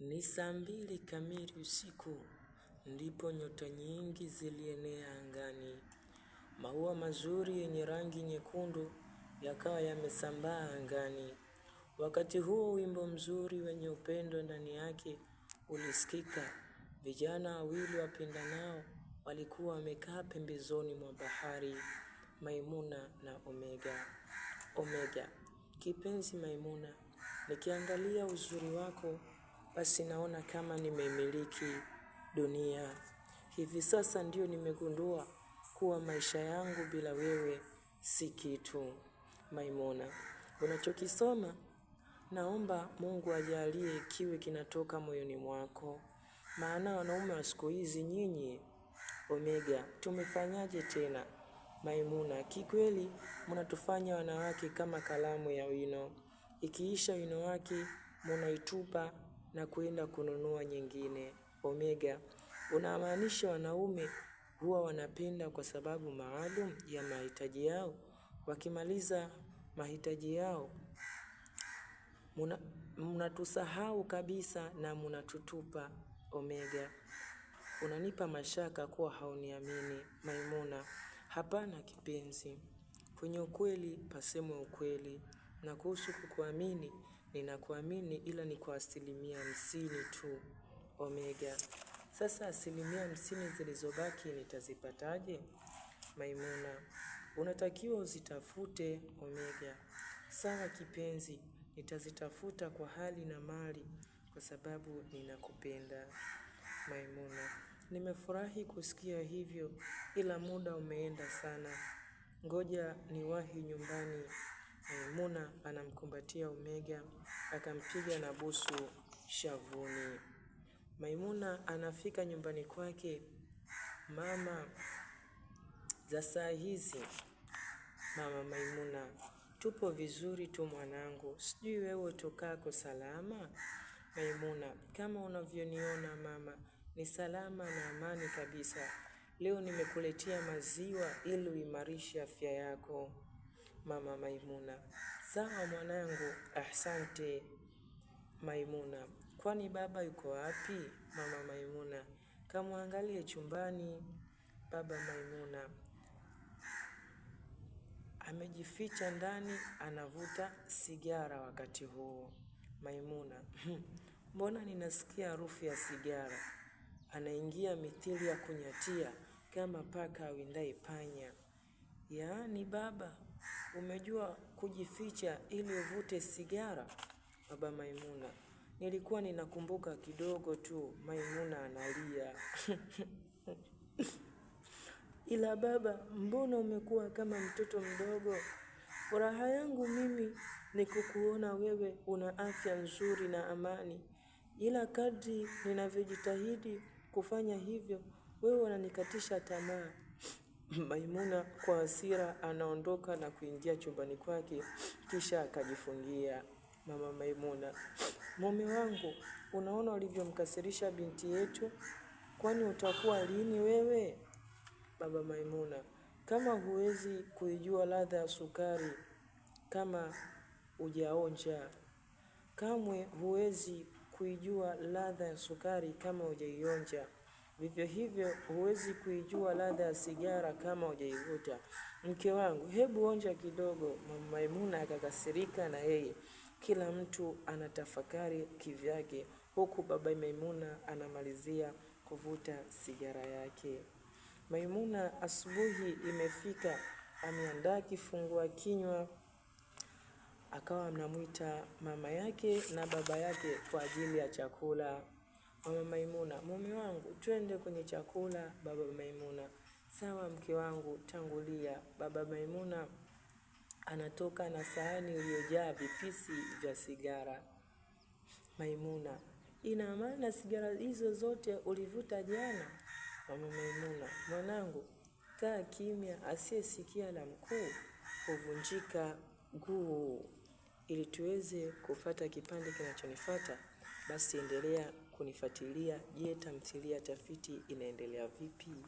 Ni saa mbili kamili usiku, ndipo nyota nyingi zilienea angani. Maua mazuri yenye rangi nyekundu yakawa yamesambaa angani. Wakati huo wimbo mzuri wenye upendo ndani yake ulisikika. Vijana wawili wapendanao walikuwa wamekaa pembezoni mwa bahari, Maimuna na Omega. Omega: Kipenzi Maimuna, nikiangalia uzuri wako basi naona kama nimemiliki dunia. Hivi sasa ndio nimegundua kuwa maisha yangu bila wewe si kitu. Maimuna, unachokisoma naomba Mungu ajalie kiwe kinatoka moyoni mwako, maana wanaume wa siku hizi nyinyi Omega, tumefanyaje tena? Maimuna, kikweli mnatufanya wanawake kama kalamu ya wino, ikiisha wino wake munaitupa na kwenda kununua nyingine. Omega unamaanisha wanaume huwa wanapenda kwa sababu maalum ya mahitaji yao. Wakimaliza mahitaji yao mnatusahau kabisa na mnatutupa. Omega unanipa mashaka kuwa hauniamini. Maimuna hapana kipenzi, kwenye ukweli pasemwe ukweli, na kuhusu kukuamini Ninakuamini ila ni kwa asilimia hamsini tu Omega. Sasa asilimia hamsini zilizobaki nitazipataje? Maimuna, unatakiwa uzitafute Omega. Sawa kipenzi, nitazitafuta kwa hali na mali kwa sababu ninakupenda. Maimuna, nimefurahi kusikia hivyo ila muda umeenda sana. Ngoja niwahi nyumbani. Maimuna anamkumbatia Omega akampiga na busu shavuni. Maimuna anafika nyumbani kwake. Mama za saa hizi, mama Maimuna, tupo vizuri tu mwanangu, sijui wewe utokako salama? Maimuna, kama unavyoniona mama, ni salama na amani kabisa. Leo nimekuletea maziwa ili uimarishe afya yako mama Maimuna. Sawa mwanangu, asante Maimuna, kwani baba yuko wapi? Mama Maimuna, kamwangalie chumbani. Baba Maimuna, amejificha ndani anavuta sigara wakati huo. Maimuna, hmm, mbona ninasikia harufu ya sigara? Anaingia mithili ya kunyatia kama paka awindai panya. Yaani baba, umejua kujificha ili uvute sigara? Baba Maimuna, nilikuwa ninakumbuka kidogo tu. Maimuna analia Ila baba, mbona umekuwa kama mtoto mdogo? Furaha yangu mimi ni kukuona wewe una afya nzuri na amani, ila kadri ninavyojitahidi kufanya hivyo, wewe unanikatisha tamaa. Maimuna kwa hasira anaondoka na kuingia chumbani kwake kisha akajifungia. Mama Maimuna: mume wangu, unaona ulivyomkasirisha binti yetu, kwani utakuwa lini wewe? Baba Maimuna: kama huwezi kuijua ladha ya sukari, kama hujaonja, kamwe huwezi kuijua ladha ya sukari kama hujaionja. Vivyo hivyo huwezi kuijua ladha ya sigara kama hujaivuta. Mke wangu, hebu onja kidogo. Mama Maimuna akakasirika na yeye. Kila mtu anatafakari kivyake, huku baba Maimuna anamalizia kuvuta sigara yake. Maimuna, asubuhi imefika, ameandaa kifungua kinywa, akawa anamwita mama yake na baba yake kwa ajili ya chakula. Mama Maimuna, mume wangu, twende kwenye chakula. Baba Maimuna, sawa mke wangu, tangulia. Baba Maimuna anatoka na sahani iliyojaa vipisi vya sigara. Maimuna, ina maana sigara hizo zote ulivuta jana? Mama Maimuna, mwanangu, kaa kimya, asiyesikia la mkuu huvunjika guu. Ili tuweze kupata kipande kinachonifata basi endelea kunifuatilia. Je, tamthilia tafiti inaendelea vipi?